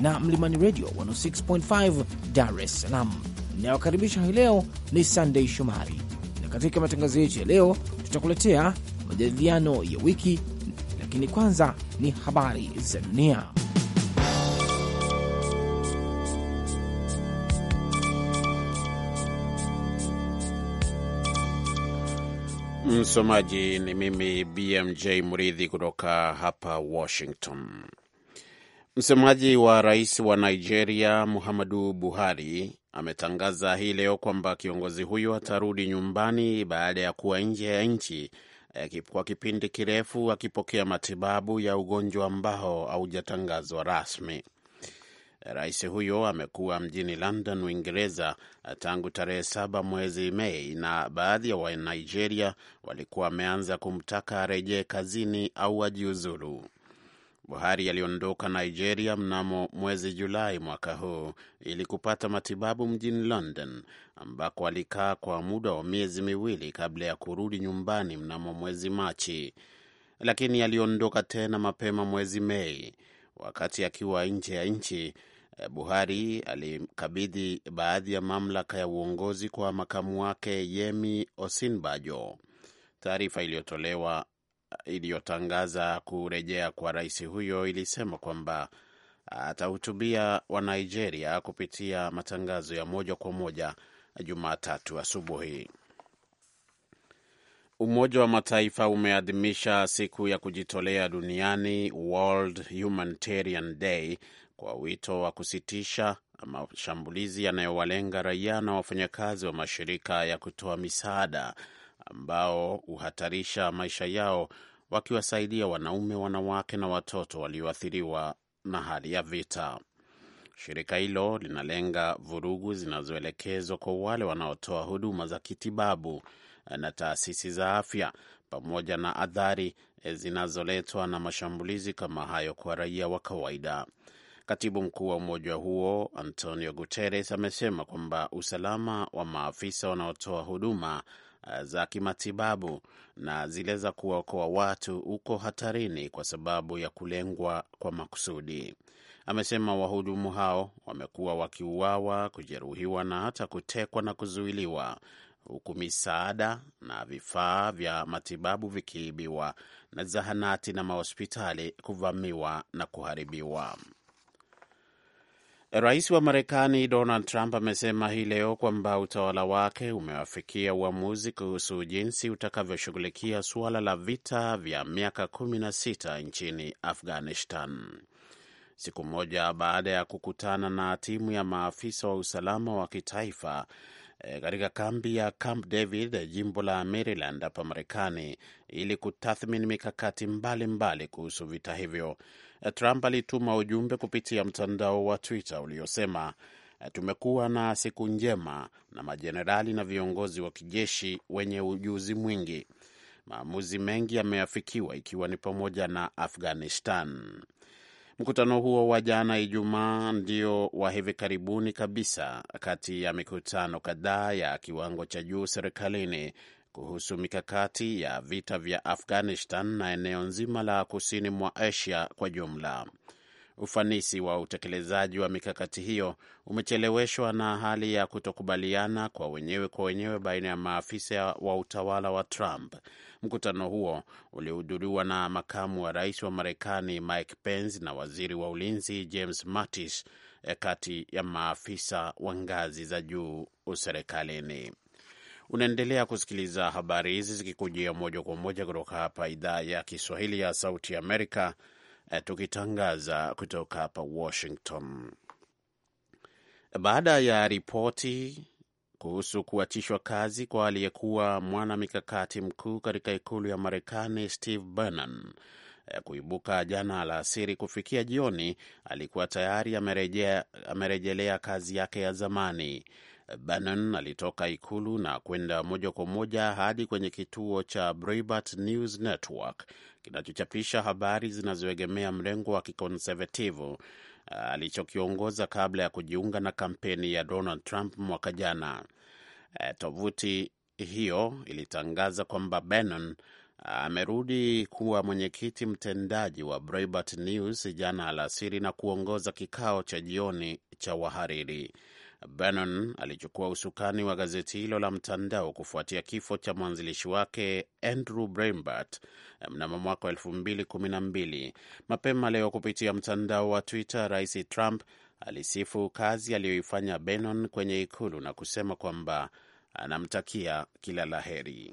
na Mlimani Radio 106.5 Dar es Salaam. Inayokaribisha hii leo ni Sandei Shomari, na katika matangazo yetu ya leo tutakuletea majadiliano ya wiki, lakini kwanza ni habari za dunia. Msomaji ni mimi BMJ Mridhi kutoka hapa Washington. Msemaji wa rais wa Nigeria Muhammadu Buhari ametangaza hii leo kwamba kiongozi huyo atarudi nyumbani baada ya kuwa nje ya nchi eh, kwa kipindi kirefu akipokea matibabu ya ugonjwa ambao haujatangazwa rasmi. Rais huyo amekuwa mjini London, Uingereza eh, tangu tarehe saba mwezi Mei, na baadhi ya Wanigeria walikuwa wameanza kumtaka arejee kazini au ajiuzuru. Buhari aliondoka Nigeria mnamo mwezi Julai mwaka huu ili kupata matibabu mjini London ambako alikaa kwa muda wa miezi miwili kabla ya kurudi nyumbani mnamo mwezi Machi, lakini aliondoka tena mapema mwezi Mei. Wakati akiwa nje ya nchi, eh, Buhari alikabidhi baadhi ya mamlaka ya uongozi kwa makamu wake Yemi Osinbajo. Taarifa iliyotolewa iliyotangaza kurejea kwa rais huyo ilisema kwamba atahutubia wa Nigeria kupitia matangazo ya moja kwa moja Jumatatu asubuhi. Umoja wa Mataifa umeadhimisha siku ya kujitolea duniani, World Humanitarian Day, kwa wito wa kusitisha mashambulizi yanayowalenga raia na wafanyakazi wa mashirika ya kutoa misaada ambao huhatarisha maisha yao wakiwasaidia wanaume, wanawake na watoto walioathiriwa na hali ya vita. Shirika hilo linalenga vurugu zinazoelekezwa kwa wale wanaotoa huduma za kitibabu na taasisi za afya pamoja na athari zinazoletwa na mashambulizi kama hayo kwa raia wa kawaida. Katibu mkuu wa umoja huo Antonio Guterres amesema kwamba usalama wa maafisa wanaotoa huduma za kimatibabu na zile za kuwaokoa watu uko hatarini kwa sababu ya kulengwa kwa makusudi. Amesema wahudumu hao wamekuwa wakiuawa, kujeruhiwa na hata kutekwa na kuzuiliwa, huku misaada na vifaa vya matibabu vikiibiwa na zahanati na mahospitali kuvamiwa na kuharibiwa. Rais wa Marekani Donald Trump amesema hii leo kwamba utawala wake umewafikia uamuzi kuhusu jinsi utakavyoshughulikia suala la vita vya miaka 16 nchini Afghanistan. Siku moja baada ya kukutana na timu ya maafisa wa usalama wa kitaifa Eh, katika kambi ya Camp David, eh, jimbo la Maryland hapa Marekani, ili kutathmini mikakati mbalimbali mbali kuhusu vita hivyo. Eh, Trump alituma ujumbe kupitia mtandao wa Twitter uliosema tumekuwa na siku njema na majenerali na viongozi wa kijeshi wenye ujuzi mwingi. Maamuzi mengi yameafikiwa, ikiwa ni pamoja na Afghanistan. Mkutano huo wa jana Ijumaa ndio wa hivi karibuni kabisa kati ya mikutano kadhaa ya kiwango cha juu serikalini kuhusu mikakati ya vita vya Afghanistan na eneo nzima la kusini mwa Asia kwa jumla. Ufanisi wa utekelezaji wa mikakati hiyo umecheleweshwa na hali ya kutokubaliana kwa wenyewe kwa wenyewe baina ya maafisa wa utawala wa Trump. Mkutano huo ulihudhuriwa na makamu wa rais wa Marekani Mike Pence na waziri wa ulinzi James Mattis, e, kati ya maafisa wa ngazi za juu serikalini. Unaendelea kusikiliza habari hizi zikikujia moja kwa moja kutoka hapa idhaa ya Kiswahili ya Sauti Amerika, Eh, tukitangaza kutoka hapa Washington. Baada ya ripoti kuhusu kuachishwa kazi kwa aliyekuwa mwana mikakati mkuu katika ikulu ya Marekani Steve Bannon eh, kuibuka jana alasiri, kufikia jioni alikuwa tayari amerejelea kazi yake ya zamani. Bannon alitoka ikulu na kwenda moja kwa moja hadi kwenye kituo cha Breitbart News Network kinachochapisha habari zinazoegemea mrengo wa kikonservativu uh, alichokiongoza kabla ya kujiunga na kampeni ya Donald Trump mwaka jana. Uh, tovuti hiyo ilitangaza kwamba Bannon uh, amerudi kuwa mwenyekiti mtendaji wa Breitbart News jana alasiri na kuongoza kikao cha jioni cha wahariri. Bannon alichukua usukani wa gazeti hilo la mtandao kufuatia kifo cha mwanzilishi wake Andrew Breitbart eh, mnamo mwaka 2012. Mapema leo kupitia mtandao wa Twitter, Rais Trump alisifu kazi aliyoifanya Bannon kwenye ikulu na kusema kwamba anamtakia kila la heri.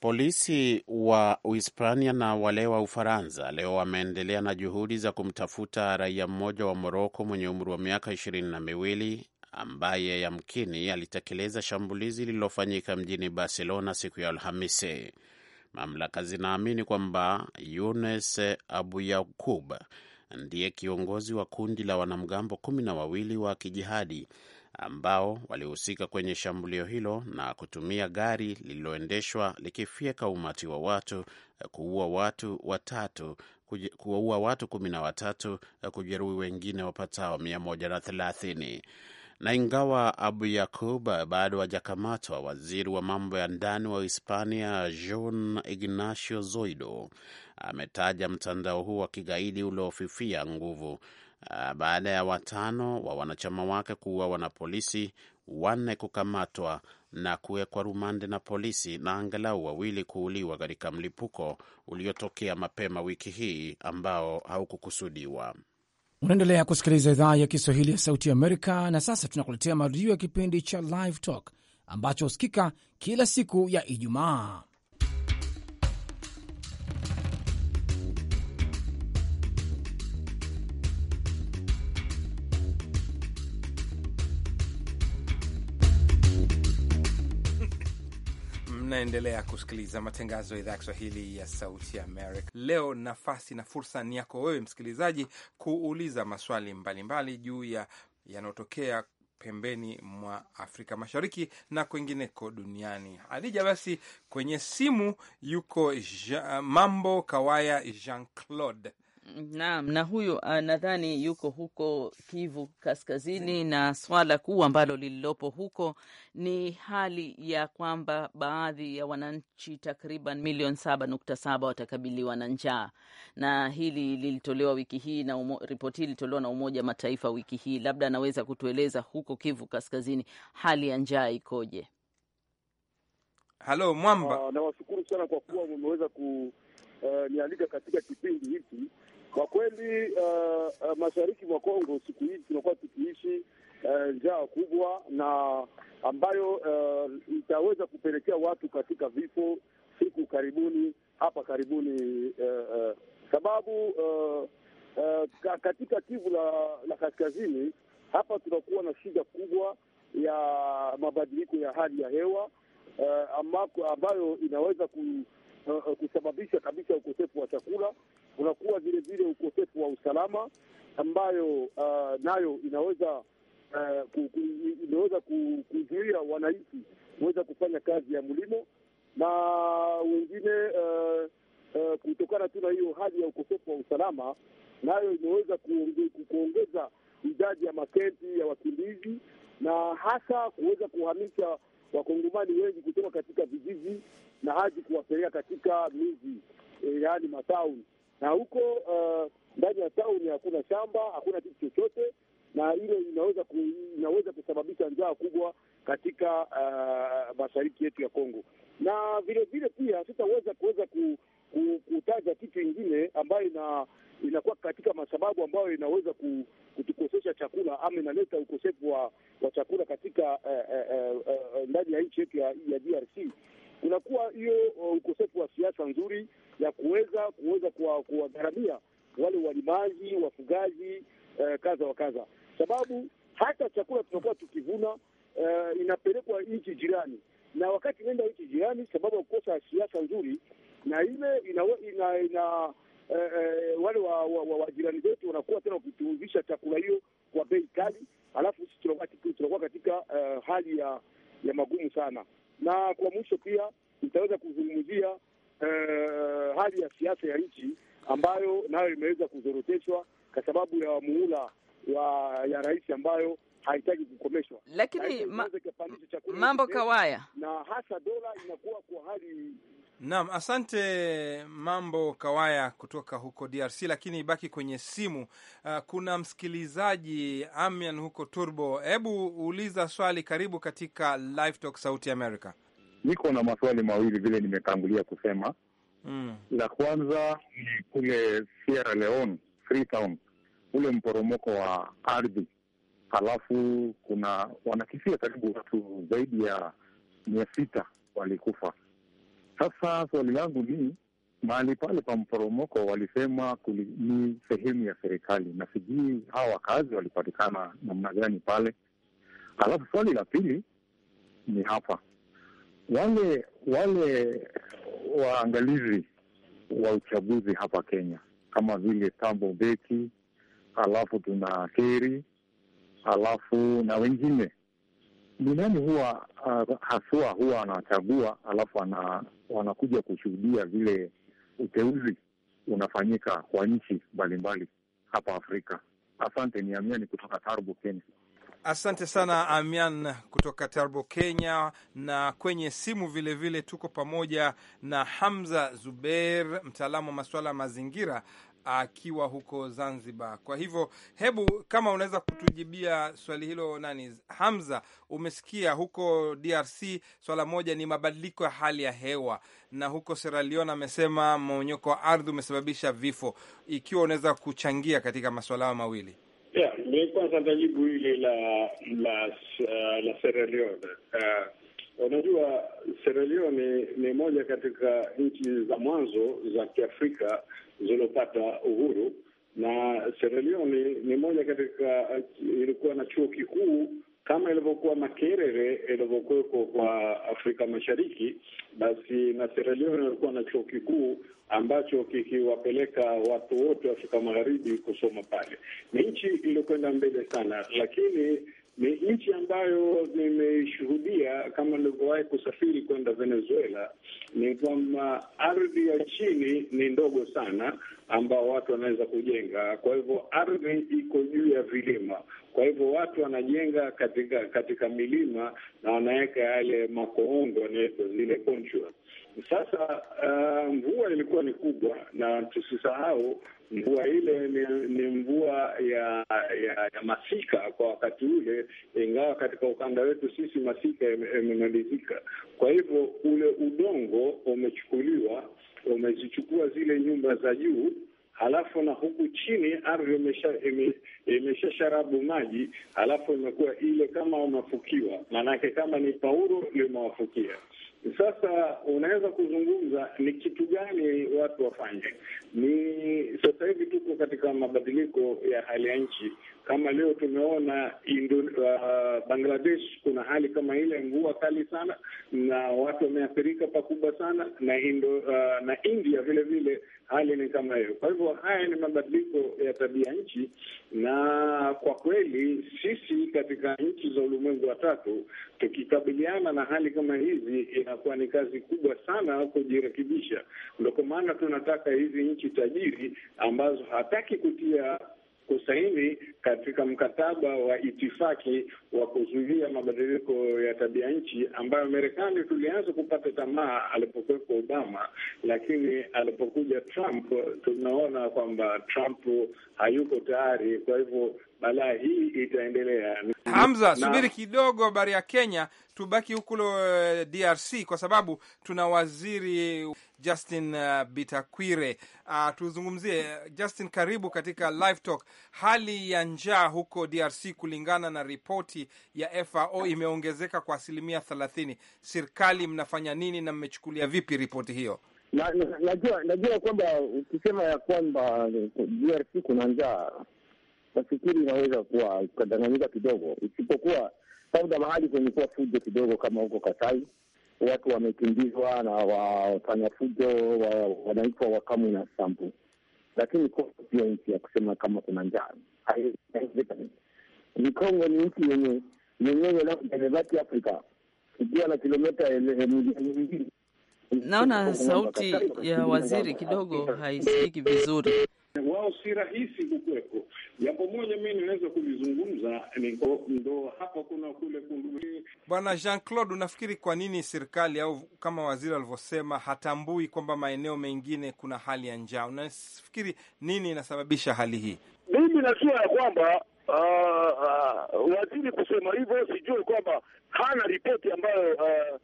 Polisi wa Uhispania na wale wa Ufaransa leo wameendelea na juhudi za kumtafuta raia mmoja wa Moroko mwenye umri wa miaka ishirini na miwili ambaye yamkini alitekeleza shambulizi lililofanyika mjini Barcelona siku ya Alhamisi. Mamlaka zinaamini kwamba Younes Abu Yakub ndiye kiongozi wa kundi la wanamgambo kumi na wawili wa kijihadi ambao walihusika kwenye shambulio hilo na kutumia gari lililoendeshwa likifyeka umati wa watu, eh, kuua watu watatu kuwaua watu kumi na watatu na eh, kujeruhi wengine wapatao mia moja na thelathini. Na ingawa Abu Yakub eh, bado hajakamatwa, waziri wa mambo ya ndani wa Hispania Juan Ignacio Zoido ametaja mtandao huu wa kigaidi uliofifia nguvu Ah, baada ya watano wa wanachama wake kuuawa na polisi, wanne kukamatwa na kuwekwa rumande na polisi na angalau wawili kuuliwa katika mlipuko uliotokea mapema wiki hii ambao haukukusudiwa. Unaendelea kusikiliza idhaa ya Kiswahili ya Sauti Amerika, na sasa tunakuletea marudio ya kipindi cha Live Talk ambacho husikika kila siku ya Ijumaa. Mnaendelea kusikiliza matangazo ya idhaa ya Kiswahili ya Sauti ya Amerika. Leo nafasi na fursa ni yako wewe msikilizaji kuuliza maswali mbalimbali juu ya yanayotokea pembeni mwa Afrika Mashariki na kwengineko duniani. Hadija basi kwenye simu yuko ja, Mambo Kawaya Jean Claude Naam, na huyu ah, nadhani yuko huko Kivu Kaskazini, na swala kuu ambalo lililopo huko ni hali ya kwamba baadhi ya wananchi takriban milioni saba nukta saba watakabiliwa na njaa, na hili lilitolewa wiki hii na umo, ripoti hii ilitolewa na Umoja Mataifa wiki hii. Labda anaweza kutueleza huko Kivu Kaskazini hali ya njaa ikoje? Halo Mwamba. Uh, nawashukuru sana kwa kuwa mmeweza ku uh, nialika katika kipindi hiki kwa kweli uh, uh, mashariki mwa Kongo siku hizi tunakuwa tukiishi uh, njaa kubwa na ambayo uh, itaweza kupelekea watu katika vifo siku karibuni hapa karibuni uh, uh, sababu uh, uh, katika Kivu la, la kaskazini hapa tunakuwa na shida kubwa ya mabadiliko ya hali ya hewa uh, ambayo inaweza ku, uh, uh, kusababisha kabisa ukosefu wa chakula kunakuwa vile ukosefu wa usalama ambayo uh, nayo inaweza uh, imeweza ku, kuzuia wananchi kuweza kufanya kazi ya mlimo na wengine uh, uh, kutokana tu na hiyo hali ya ukosefu wa usalama, nayo imeweza kuongeza idadi ya makenti ya wakimbizi na hasa kuweza kuhamisha wakongomani wengi kutoka katika vijiji na hadi kuwapeleka katika miji, eh, yaani matauni na huko uh, ndani uh, ya tauni hakuna shamba, hakuna kitu chochote, na ile inaweza ku, inaweza kusababisha njaa kubwa katika uh, mashariki yetu ya Kongo, na vile vile pia sitaweza kuweza ku, ku, kutaja kitu ingine ambayo ina inakuwa katika masababu ambayo inaweza ku, kutukosesha chakula ama inaleta ukosefu wa, wa chakula katika uh, uh, uh, uh, ndani ya nchi yetu ya DRC kunakuwa hiyo uh, ukosefu wa siasa nzuri ya kuweza kuweza kuwagharamia wale walimaji, wafugaji uh, kadha wa kadha, sababu hata chakula tunakuwa tukivuna uh, inapelekwa nchi jirani, na wakati inaenda nchi jirani sababu ya kukosa siasa nzuri, na ile ina, ina, ina uh, uh, wale wa, wa, wa, wa jirani zetu wanakuwa tena wakituuzisha chakula hiyo kwa bei kali, alafu sisi tunakuwa katika uh, hali ya ya magumu sana. Na kwa mwisho pia nitaweza kuzungumzia eh, hali ya siasa ya nchi ambayo nayo imeweza kuzoroteshwa kwa sababu ya muhula wa ya rais ambayo haitaki kukomeshwa, lakini ma, mambo kawaya na hasa dola inakuwa kwa hali Naam, asante Mambo Kawaya kutoka huko DRC, lakini ibaki kwenye simu. Uh, kuna msikilizaji Amian huko Turbo. Hebu uliza swali, karibu katika Live Talk Sauti America. Niko na maswali mawili vile nimetangulia kusema mm. La kwanza ni kule Sierra Leone Freetown, ule mporomoko wa ardhi, halafu kuna wanakisia karibu watu zaidi ya mia sita walikufa sasa swali langu ni mahali pale pa mporomoko walisema kuli, ni sehemu ya serikali, na sijui hawa wakazi walipatikana namna gani pale. Alafu swali la pili ni hapa, wale wale waangalizi wa uchaguzi hapa Kenya kama vile Tambo Beki, alafu tuna Keri, alafu na wengine ni nani huwa uh, haswa huwa anachagua alafu ana, wanakuja kushuhudia vile uteuzi unafanyika kwa nchi mbalimbali hapa Afrika. Asante, ni Amiani kutoka Tarbo, Kenya. Asante sana Amian kutoka Tarbo, Kenya. Na kwenye simu vilevile vile tuko pamoja na Hamza Zubeir, mtaalamu wa masuala ya mazingira akiwa huko Zanzibar. Kwa hivyo, hebu kama unaweza kutujibia swali hilo, nani Hamza, umesikia huko DRC swala moja ni mabadiliko ya hali ya hewa, na huko Sierra Leone amesema mmonyoko wa ardhi umesababisha vifo. Ikiwa unaweza kuchangia katika maswala hayo mawili. Yeah, ni kwanza nitajibu ile la la, uh, la Sierra Leone uh, Unajua, Sierra Leone ni moja katika nchi za mwanzo za Kiafrika zilizopata uhuru, na Sierra Leone ni moja katika, ilikuwa na chuo kikuu kama ilivyokuwa Makerere ilivyokuweko kwa Afrika Mashariki, basi na Sierra Leone walikuwa na chuo kikuu ambacho kikiwapeleka watu wote wa Afrika Magharibi kusoma pale. Ni nchi iliyokwenda mbele sana, lakini ni nchi ambayo nimeshuhudia kama nilivyowahi kusafiri kwenda Venezuela, ni kwamba ardhi ya chini ni ndogo sana, ambao watu wanaweza kujenga. Kwa hivyo ardhi iko juu ya vilima, kwa hivyo watu wanajenga katika katika milima na wanaweka yale makoongo, wanaweka zile ponchwa. Sasa uh, mvua ilikuwa ni kubwa, na tusisahau Mvua ile ni, ni mvua ya, ya ya masika kwa wakati ule, ingawa katika ukanda wetu sisi masika yamemalizika. Kwa hivyo ule udongo umechukuliwa, umezichukua zile nyumba za juu halafu na huku chini ardhi imesha sharabu maji, halafu imekuwa ile kama umefukiwa, maanake kama ni pauro limewafukia. Sasa unaweza kuzungumza ni kitu gani watu wafanye? Ni sasa hivi tuko katika mabadiliko ya hali ya nchi kama leo tumeona Indo, uh, Bangladesh kuna hali kama ile, mvua kali sana na watu wameathirika pakubwa sana na Indo, uh, na India vile vile hali ni kama hiyo. Kwa hivyo haya ni mabadiliko ya tabia nchi, na kwa kweli sisi katika nchi za ulimwengu wa tatu tukikabiliana na hali kama hizi inakuwa ni kazi kubwa sana kujirekebisha. Ndio kwa maana tunataka hizi nchi tajiri ambazo hataki kutia sasa hivi katika mkataba wa itifaki wa kuzuia mabadiliko ya tabia nchi, ambayo Marekani tulianza kupata tamaa alipokuwepo Obama, lakini alipokuja Trump tunaona kwamba Trump hayuko tayari. Kwa hivyo balaa hii itaendelea. Hamza, subiri kidogo, habari ya Kenya. Tubaki huko uh, DRC kwa sababu tuna waziri Justin uh, Bitakwire uh, tuzungumzie uh, Justin, karibu katika Live Talk. Hali ya njaa huko DRC kulingana na ripoti ya FAO imeongezeka kwa asilimia thelathini. Serikali mnafanya nini na mmechukulia vipi ripoti hiyo? Najua na, na, na, na, na, kwamba ukisema ya kwamba DRC kuna njaa nafikiri inaweza kuwa ukadanganyika kidogo, isipokuwa labda mahali kuwa fujo kidogo, kama huko Kasai watu wamekimbizwa na wafanya fujo wanaitwa wakamu na sambu, lakini Kongo sio nchi ya kusema kama kuna njaa. Ni Kongo ni nchi yenye yenyewe labda imebaki Afrika ikiwa na kilometa milioni mbili. Naona sauti ya waziri kidogo haisikiki vizuri wao si rahisi kukwepo. Jambo moja mi ninaweza kulizungumza ndo hapa kuna kule Bwana Jean Claude, unafikiri kwa nini serikali au kama waziri alivyosema hatambui kwamba maeneo mengine kuna hali ya njaa? Unafikiri nini inasababisha hali hii? Mimi najua ya kwamba uh, uh, waziri kusema hivyo, sijui kwamba hana ripoti ambayo uh,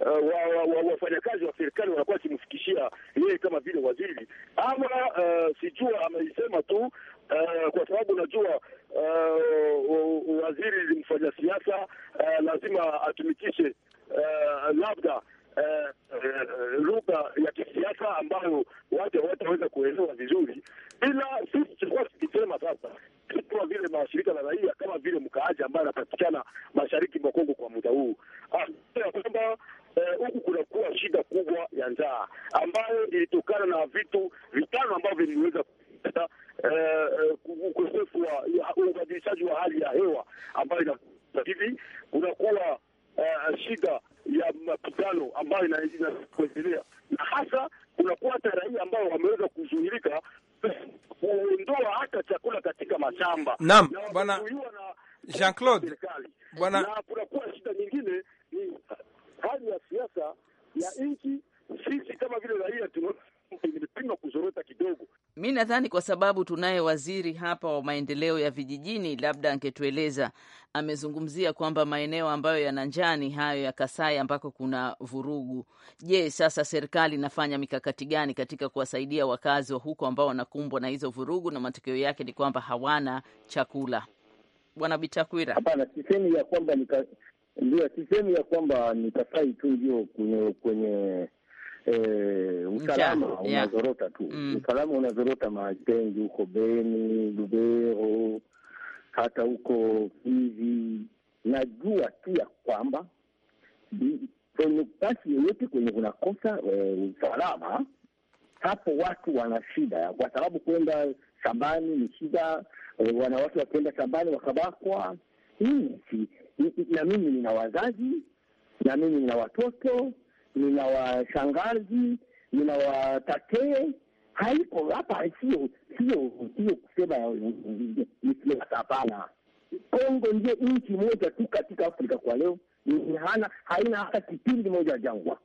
Eh, wafanyakazi wa serikali wanakuwa wakimfikishia yeye kama vile waziri ama eh, sijua ameisema tu, eh, kwa sababu unajua waziri ni mfanya siasa, lazima atumikishe labda Eh, eh, lugha uh, ya kisiasa ambayo watu hawataweza kuelewa vizuri, ila sisi tulikuwa tukisema sasa kama vile mashirika la raia kama vile mkaaji ambaye anapatikana mashariki mwa Kongo kwa muda huu ya kwamba eh, huku kunakuwa shida kubwa ya njaa ambayo ilitokana na vitu vitano ambavyo viliweza kuleta ukosefu wa ubadilishaji wa hali ya hewa ambayo hivi kunakuwa uh, shida ya mapigano ambayo inaendelea, na hasa kunakuwa hata raia ambao wameweza kuzuilika kuondoa hata chakula katika mashamba naam, bwana Jean Claude bwana, na kunakuwa shida nyingine ni hali ya siasa ya nchi. Sisi kama vile raia tunaona imependwa kuzorota kidogo. Mi nadhani kwa sababu tunaye waziri hapa wa maendeleo ya vijijini, labda angetueleza. Amezungumzia kwamba maeneo ambayo yana njani hayo ya Kasai ambako kuna vurugu. Je, sasa serikali inafanya mikakati gani katika kuwasaidia wakazi wa huko ambao wanakumbwa na hizo vurugu, na matokeo yake ni kwamba hawana chakula? Bwana Bitakwira. Hapana, sisemi ya kwamba ndio sisemi ya kwamba ni Kasai tu ndio kwenye kwenye eh, usalama yeah, unazorota tu mm. Usalama unazorota maji huko Beni, Lubero, hata huko Kivu. Najua tu ya kwamba kwenye basi yoyote kwenye kosa eh, usalama, hapo watu wana shida, kwa sababu kwenda shambani ni shida eh, wana watu wakienda shambani wakabakwa. Mimi na mimi nina wazazi na mimi nina watoto nina washangazi, nina watatee. Haiko hapa, sio sio sio kusema ni siasa. Hapana, Kongo ndio nchi moja tu katika Afrika kwa leo hana haina hata kipindi moja jangwa,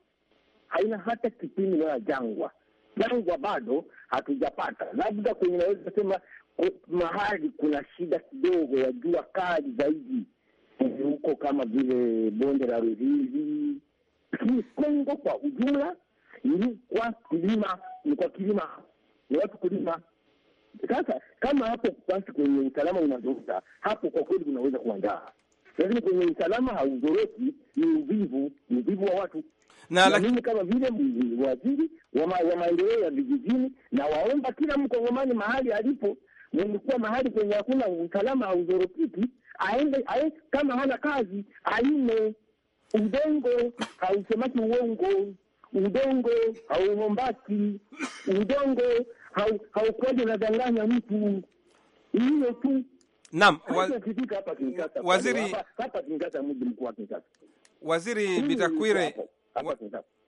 haina hata kipindi moja jangwa. Jangwa bado hatujapata, labda kwenye naweza kusema mahali kuna shida kidogo ya jua kali zaidi huko, kama vile bonde la Ruzizi lakini Kongo kwa ujumla ni kwa kilima, ni kwa kilima, ni watu kulima. Sasa kama hapo basi kwenye usalama unazorota, hapo kwa kweli unaweza kuandaa, lakini kwenye usalama hauzoroti, ni uvivu, ni uvivu wa watu na mimi laki... kama vile waziri wa maendeleo ya vijijini, na waomba kila mkongomani mahali alipo mlikuwa mahali kwenye hakuna usalama hauzorotiki, aende ae, kama hana kazi aime Udongo hausemaki uongo, udongo hauhombaki, udongo haukuwaja unadanganya mtu. hiyo tu. Naam, waziri hapa Kinshasa, mji mkuu wa Kinshasa, waziri Bitakwire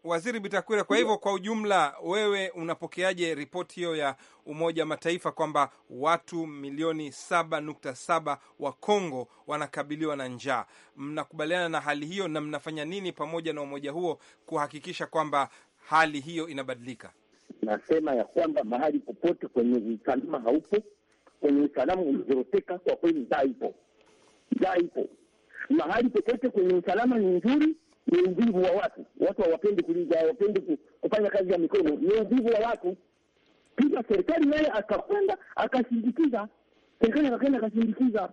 Waziri Bitakwira, kwa hivyo kwa ujumla, wewe unapokeaje ripoti hiyo ya Umoja wa Mataifa kwamba watu milioni saba nukta saba wa Kongo wanakabiliwa na njaa? Mnakubaliana na hali hiyo na mnafanya nini pamoja na umoja huo kuhakikisha kwamba hali hiyo inabadilika? Nasema ya kwamba mahali popote kwenye usalama haupo, kwenye usalama umezoroteka, kwa kweli njaa ipo, njaa ipo mahali popote kwenye usalama ni nzuri ni uvivu wa watu. Watu hawapendi kuliza, hawapendi kufanya kazi ya mikono, ni uvivu wa watu. Kisha serikali naye akakwenda akasindikiza, serikali akakwenda akasindikiza.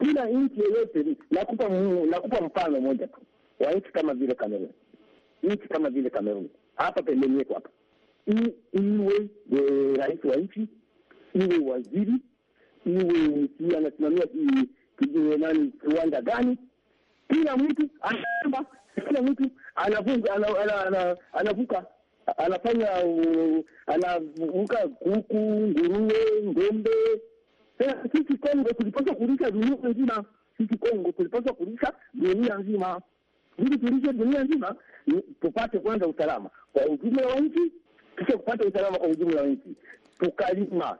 Kila nchi yoyote, nakupa nakupa mfano moja tu wa nchi kama vile Kamerun, nchi kama vile Kamerun hapa pembeni yetu hapa, iwe eh, rais wa nchi, iwe waziri, iwe anasimamia eh, eh, nani kiwanda gani, kila mtu anaomba kila mtu anavuka anavuka anafanya anavuka kuku, nguruwe, ngombe. Sisi Kongo tulipaswa kulisha dunia nzima. Sisi Kongo tulipaswa kulisha dunia nzima. Ili tulishe dunia nzima, tupate kwanza usalama kwa ujumla wa nchi, kisha kupata usalama kwa ujumla wa nchi, tukalima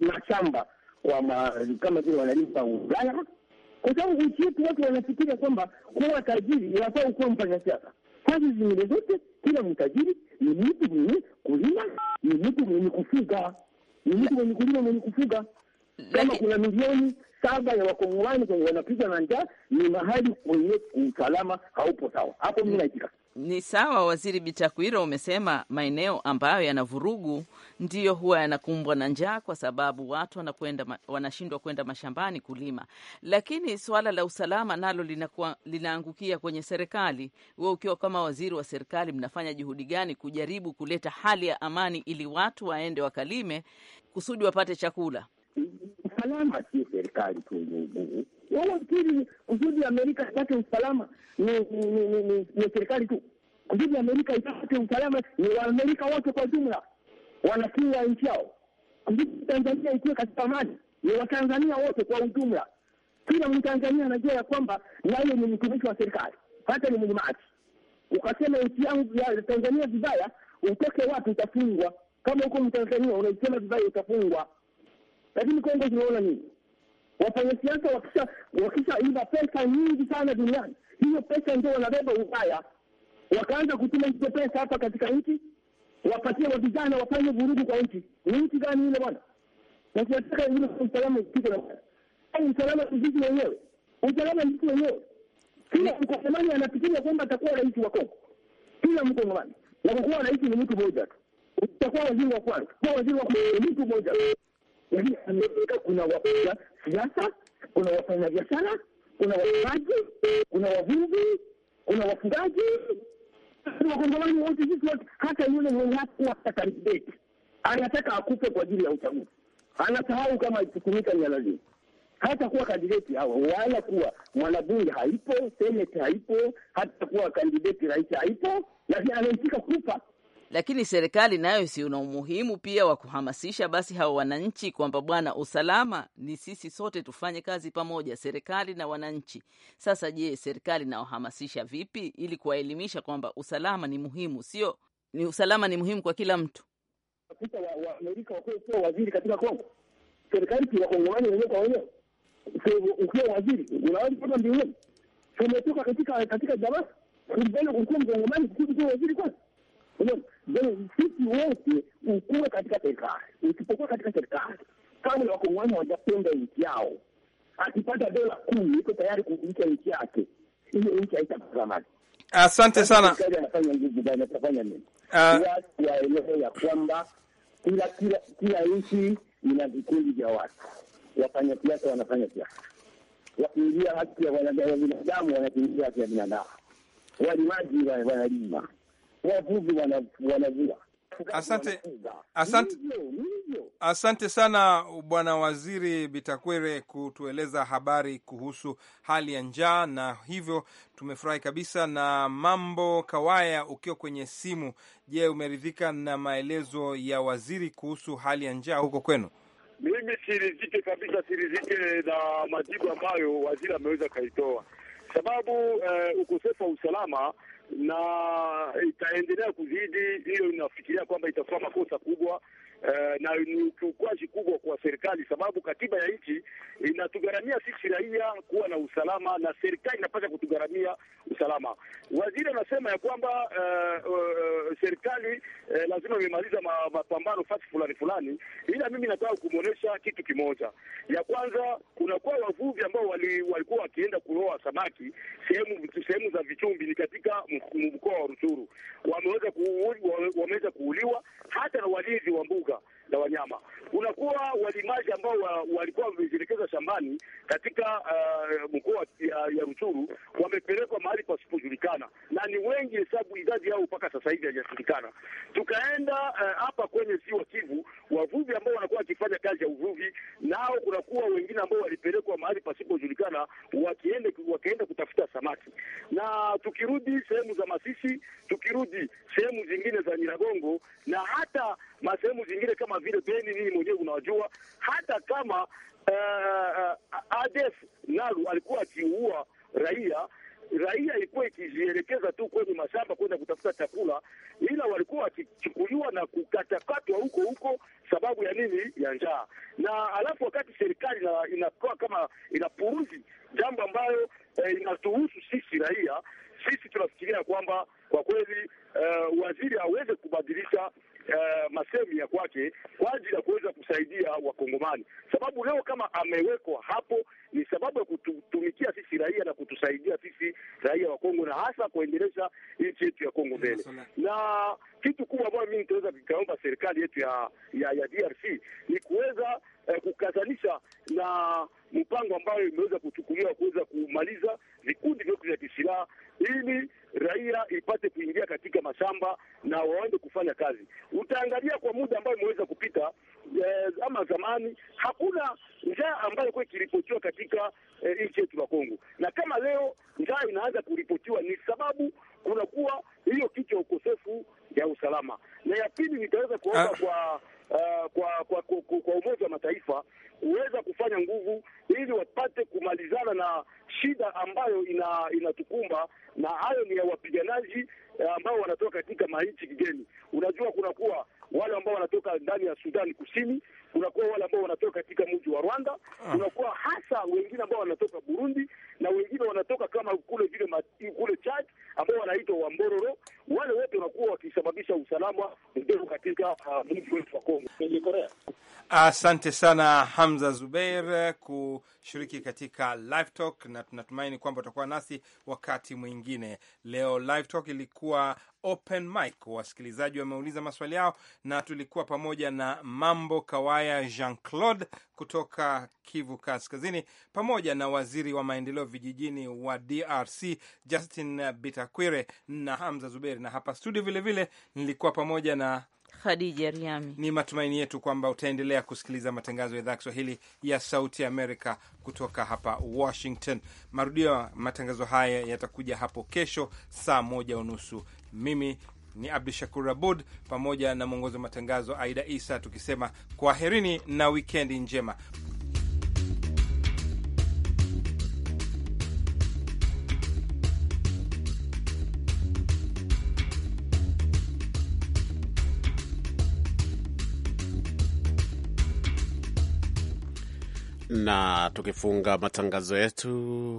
mashamba eh, kama vile wanalima Ulaya kwa sababu nchi yetu watu wanafikiria kwamba kuwa tajiri inafaa ukuwa mfanyabiashara. Kazi zingine zote, kila mtajiri ni mtu mwenye kulima, ni mtu mwenye kufuga, ni mtu mwenye kulima, mwenye kufuga. Kama kuna milioni saba ya wakongomani wanapigwa na njaa, ni mahali kwenye usalama haupo sawa. Hapo mimi naitika ni sawa. Waziri Bitakwira, umesema maeneo ambayo yana vurugu ndiyo huwa yanakumbwa na njaa, kwa sababu watu wanakwenda wanashindwa kwenda mashambani kulima, lakini suala la usalama nalo linakuwa linaangukia kwenye serikali. Wewe ukiwa kama waziri wa serikali, mnafanya juhudi gani kujaribu kuleta hali ya amani ili watu waende wakalime kusudi wapate chakula? usalama, si serikali tu yenye ugumu. Wao fikiri kusudi Amerika ipate usalama ni ni serikali tu, kusudi Amerika ipate usalama ni Waamerika wote kwa jumla, wanakiwa nchi yao. Kusudi Tanzania ikiwe katika amani ni Watanzania wote kwa ujumla. Kila Mtanzania anajua ya kwamba naye ni mtumishi wa serikali, hata ni mlimaji. Ukasema nchi yangu ya Tanzania vibaya, utoke wapi? Utafungwa. Kama huko Mtanzania unaisema vibaya, utafungwa. Lakini Kongo tunaona nini? Wafanya siasa wakisha wakisha iba pesa nyingi sana duniani, hiyo pesa ndio wanabeba ubaya, wakaanza kutuma hizo pesa hapa katika nchi, wapatie wa vijana wafanye vurugu kwa nchi. Ni nchi gani ile bwana? Na tunataka ile usalama upite na bwana, usalama sisi wenyewe, usalama sisi wenyewe. Kila mkongomani anafikiria kwamba atakuwa rais wa Kongo, kila mkongomani, na kwa kuwa rais ni mtu mmoja tu, utakuwa waziri wa kwanza, kuwa waziri wa mtu mmoja Yaani Amerika kuna wapiga siasa, kuna wafanya biashara, kuna wafugaji, kuna wavuvi, kuna wafugaji, wakongomani wote sisi wote, hata yule mwenye anataka akupe kwa ajili ya uchaguzi, anasahau kama ikitumika ni lazima hata kuwa kandidati hawa wala kuwa mwanabunge haipo, seneti haipo, hata kuwa kandidati rais haipo, lakini anaitika kupa lakini serikali nayo si una umuhimu pia wa kuhamasisha basi hawa wananchi kwamba bwana, usalama ni sisi sote, tufanye kazi pamoja, serikali na wananchi. Sasa je, serikali inawahamasisha vipi ili kuwaelimisha kwamba usalama ni muhimu? Sio ni usalama ni muhimu kwa kila mtu. Maafisa wa Amerika wakuwa waziri katika Kongo, serikali wakongomani wenyewe kwa wenyewe. Ukiwa waziri unaweza kutoka mbioni, tumetoka katika katika jamaa, ulikuwa mkongomani kuwa waziri kwanza sisi wote ukuwe katika serikali. Usipokuwa katika serikali, wakongomani nchi yao, akipata dola kumi iko tayari kuuisha nchi yake, hiyo nchi Asante sana. Anafanya nguvu gani? Atafanya nini? waelewe ah. ya kwamba kila kila kila nchi ina vikundi vya watu, wafanya siasa wanafanya siasa, wakiingia haki ya binadamu wanakiingia haki ya binadamu, walimaji wanalima wavuvi wanavua. Asante, asante, asante sana Bwana Waziri Bitakwere kutueleza habari kuhusu hali ya njaa, na hivyo tumefurahi kabisa. Na Mambo Kawaya, ukiwa kwenye simu, je, umeridhika na maelezo ya waziri kuhusu hali ya njaa huko kwenu? Mimi siridhike kabisa, siridhike na majibu ambayo waziri ameweza kaitoa, sababu eh, ukosefu wa usalama na itaendelea kuzidi hiyo, inafikiria kwamba itakuwa makosa kubwa Eh, na ni ukiukwaji kubwa kwa serikali, sababu katiba ya nchi inatugharamia sisi raia kuwa na usalama, na serikali inapasa kutugharamia usalama. Waziri anasema ya kwamba uh, uh, serikali uh, lazima imemaliza mapambano fasi fulani fulani, ila mimi nataka kumwonyesha kitu kimoja. Ya kwanza, kunakuwa wavuvi ambao wali, walikuwa wakienda kuloa samaki sehemu sehemu za Vichumbi, ni katika mkoa wa Ruchuru, wameweza ku, wameweza kuuliwa hata na walinzi wa mbuga na wanyama. Kunakuwa walimaji ambao walikuwa wamejielekeza shambani katika uh, mkoa ya Ruchuru wamepelekwa mahali pasipojulikana, na ni wengi, hesabu idadi yao mpaka sasa hivi haijajulikana. Tukaenda uh, hapa uh, kwenye ziwa Kivu, wavuvi ambao wanakuwa wakifanya kazi ya uvuvi, nao kunakuwa wengine ambao walipelekwa mahali pasipojulikana, wakienda wakaenda kutafuta samaki na tukirudi sehemu za Masisi, tukirudi sehemu zingine za Nyiragongo na hata masehemu zingine kama vile Beni, nini mwenyewe unawajua, hata kama uh, eh, ADF Nalu alikuwa akiua raia raia ilikuwa ikijielekeza tu kwenye mashamba kwenda kutafuta chakula, ila walikuwa wakichukuliwa na kukatakatwa huko huko sababu ya nini? Ya njaa. Na alafu wakati serikali inatoa kama inapuuzi jambo ambayo eh, inatuhusu sisi raia, sisi tunafikiria kwamba kwa kweli eh, waziri aweze kubadilisha uh, masemi ya kwake kwa ajili ya kuweza kusaidia Wakongomani, sababu leo kama amewekwa hapo ni sababu ya kututumikia sisi raia na kutusaidia sisi raia wa Kongo na hasa kuendeleza nchi yetu ya Kongo mbele. Na kitu kubwa ambayo mimi nitaweza kukaomba serikali yetu ya, ya, ya DRC ni kuweza eh, kukazanisha na mpango ambayo imeweza kuchukuliwa kuweza kumaliza vikundi vyote vya kisilaha ili raia ipate kuingia katika mashamba na waende kufanya kazi. Utaangalia kwa muda ambayo imeweza kupita eh, ama zamani hakuna njaa ambayo kwa ikiripotiwa katika eh, nchi yetu ya Kongo, na kama leo njaa inaanza kuripotiwa ni sababu kunakuwa hiyo ya ukosefu ya usalama, na ya pili nitaweza kuomba ah, kwa Uh, kwa kwa, kwa, kwa Umoja wa Mataifa kuweza kufanya nguvu ili wapate kumalizana na shida ambayo ina, inatukumba na hayo ni ya wapiganaji eh, ambao wanatoka katika manchi kigeni. Unajua, kunakuwa wale ambao wanatoka ndani ya Sudani Kusini, kunakuwa wale ambao wanatoka katika mji wa Rwanda, ah. kunakuwa hasa wengine ambao wanatoka Burundi na wengine wanatoka kama kule vile kule Chad ambao wanaitwa Wambororo. Wale wote wanakuwa wakisababisha usalama mdogo katika uh, mji wetu wa Kongo. Asante sana Hamza Zubeir ku kushiriki katika live talk, na tunatumaini kwamba utakuwa nasi wakati mwingine. Leo live talk ilikuwa open mic, wasikilizaji wameuliza maswali yao, na tulikuwa pamoja na Mambo Kawaya Jean Claude kutoka Kivu Kaskazini, pamoja na waziri wa maendeleo vijijini wa DRC Justin Bitakwire na Hamza Zuberi, na hapa studio vilevile nilikuwa pamoja na Khadija Riami. Ni matumaini yetu kwamba utaendelea kusikiliza matangazo ya idhaa ya Kiswahili ya Sauti Amerika kutoka hapa Washington. Marudio ya matangazo haya yatakuja hapo kesho saa moja unusu. Mimi ni Abdu Shakur Abud pamoja na mwongozi wa matangazo Aida Isa, tukisema kwaherini na wikendi njema. Na tukifunga matangazo yetu,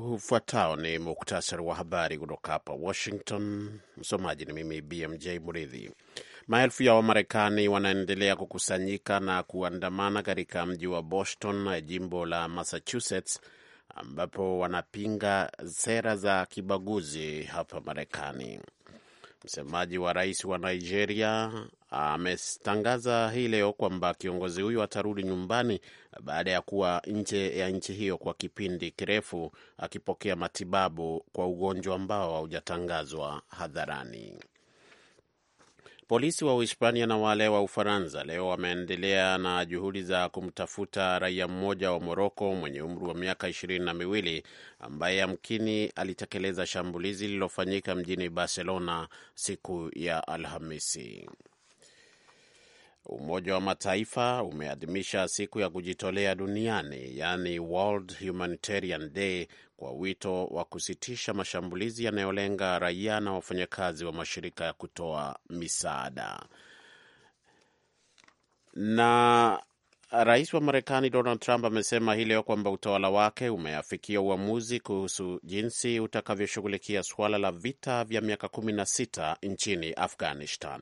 hufuatao ni muktasari wa habari kutoka hapa Washington. Msomaji ni mimi BMJ Muridhi. Maelfu ya Wamarekani wanaendelea kukusanyika na kuandamana katika mji wa Boston, jimbo la Massachusetts, ambapo wanapinga sera za kibaguzi hapa Marekani. Msemaji wa rais wa Nigeria ametangaza hii leo kwamba kiongozi huyo atarudi nyumbani baada ya kuwa nje ya nchi hiyo kwa kipindi kirefu akipokea matibabu kwa ugonjwa ambao haujatangazwa hadharani. Polisi wa Uhispania na wale wa Ufaransa leo wameendelea na juhudi za kumtafuta raia mmoja wa Moroko mwenye umri wa miaka ishirini na miwili ambaye amkini alitekeleza shambulizi lililofanyika mjini Barcelona siku ya Alhamisi. Umoja wa Mataifa umeadhimisha siku ya kujitolea duniani, yaani World Humanitarian Day, kwa wito wa kusitisha mashambulizi yanayolenga raia na wafanyakazi wa mashirika ya kutoa misaada. Na rais wa Marekani Donald Trump amesema hii leo kwamba utawala wake umeafikia uamuzi kuhusu jinsi utakavyoshughulikia suala la vita vya miaka 16 nchini Afghanistan.